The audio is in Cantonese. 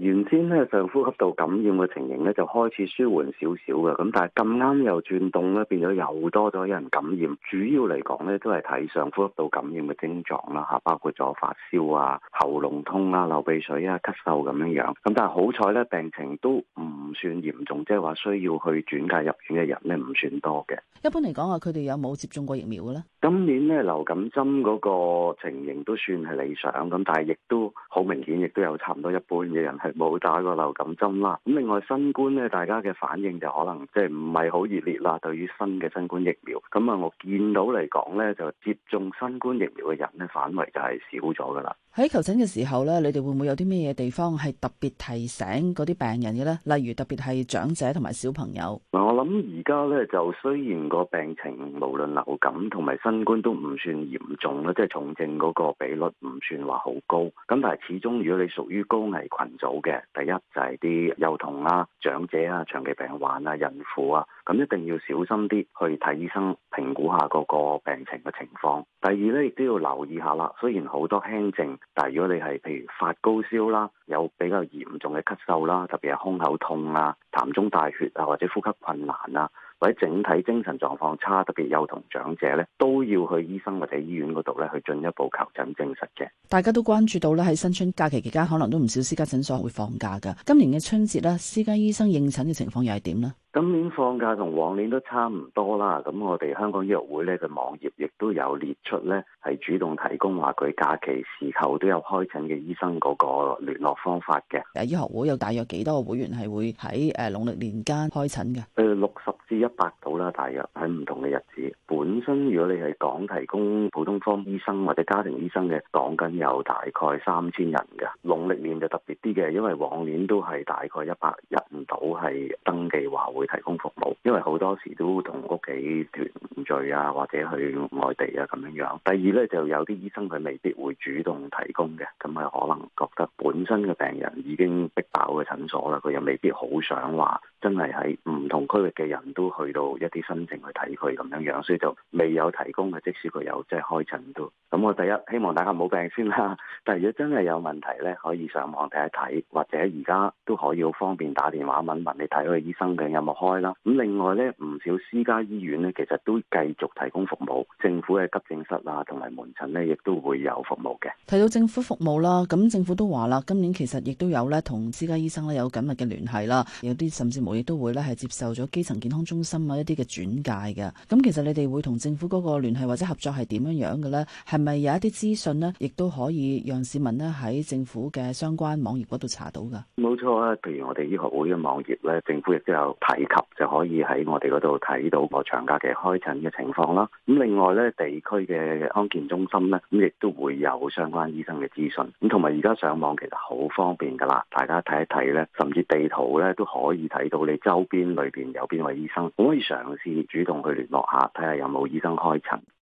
原先咧上呼吸道感染嘅情形咧就開始舒緩少少嘅，咁但係咁啱又轉凍咧，變咗又多咗人感染。主要嚟講咧都係睇上呼吸道感染嘅症狀啦，嚇，包括咗發燒啊、喉嚨痛啊、流鼻水啊、咳嗽咁樣樣。咁但係好彩咧，病情都唔算嚴重，即係話需要去轉介入院嘅人咧唔算多嘅。一般嚟講啊，佢哋有冇接種過疫苗嘅咧？今年咧流感針嗰個情形都算係理想咁，但係亦都好明顯，亦都有差唔多一般嘅人冇打過流感針啦。咁另外新冠咧，大家嘅反應就可能即係唔係好熱烈啦。對於新嘅新冠疫苗，咁啊，我見到嚟講咧，就接種新冠疫苗嘅人咧，範圍，就係少咗噶啦。喺求診嘅時候咧，你哋會唔會有啲咩嘢地方係特別提醒嗰啲病人嘅咧？例如特別係長者同埋小朋友。嗱，我諗而家咧，就雖然個病情無論流感同埋新冠都唔算嚴重啦，即係重症嗰個比率唔算話好高。咁但係始終如果你屬於高危群組。嘅第一就係、是、啲幼童啦、啊、長者啊、長期病患啊、孕婦啊，咁一定要小心啲去睇醫生評估下嗰個病情嘅情況。第二咧，亦都要留意下啦。雖然好多輕症，但係如果你係譬如發高燒啦，有比較嚴重嘅咳嗽啦，特別係胸口痛啊、痰中帶血啊，或者呼吸困難啊。或者整體精神狀況差，特別幼童、長者咧，都要去醫生或者醫院嗰度咧，去進一步求診證實嘅。大家都關注到咧，喺新春假期期間，可能都唔少私家診所會放假噶。今年嘅春節咧，私家醫生應診嘅情況又係點呢？今年放假同往年都差唔多啦，咁我哋香港醫學會咧嘅網頁亦都有列出咧，係主動提供話佢假期時候都有開診嘅醫生嗰個聯絡方法嘅。誒，醫學會有大約幾多個會員係會喺誒農曆年間開診嘅？誒，六十至一百度啦，大約喺唔同嘅日子。本身如果你係講提供普通科醫生或者家庭醫生嘅，講緊有大概三千人嘅。農曆年就特別啲嘅，因為往年都係大概一百人唔到係登記話。會提供服務，因為好多時都同屋企團聚啊，或者去外地啊咁樣樣。第二呢，就有啲醫生佢未必會主動提供嘅，咁係可能覺得本身嘅病人已經逼爆嘅診所啦，佢又未必好想話真係喺唔同區域嘅人都去到一啲新症去睇佢咁樣樣，所以就未有提供嘅，即使佢有即係開診都。咁我第一希望大家冇病先啦，但係如果真係有問題呢，可以上網睇一睇，或者而家都可以好方便打電話問問你睇嗰個醫生嘅有開啦，咁另外咧，唔少私家醫院咧，其實都繼續提供服務，政府嘅急症室啊，同埋門診咧，亦都會有服務嘅。提到政府服務啦，咁政府都話啦，今年其實亦都有咧，同私家醫生咧有緊密嘅聯繫啦，有啲甚至無亦都會咧係接受咗基層健康中心啊一啲嘅轉介嘅。咁其實你哋會同政府嗰個聯繫或者合作係點樣樣嘅呢？係咪有一啲資訊呢，亦都可以讓市民咧喺政府嘅相關網頁嗰度查到噶？初咧，譬如我哋醫學會嘅網頁咧，政府亦都有提及，就可以喺我哋嗰度睇到個長假期開診嘅情況啦。咁另外咧，地區嘅康健中心咧，咁亦都會有相關醫生嘅資訊。咁同埋而家上網其實好方便噶啦，大家睇一睇咧，甚至地圖咧都可以睇到你周邊裏邊有邊位醫生，可以嘗試主動去聯絡下，睇下有冇醫生開診。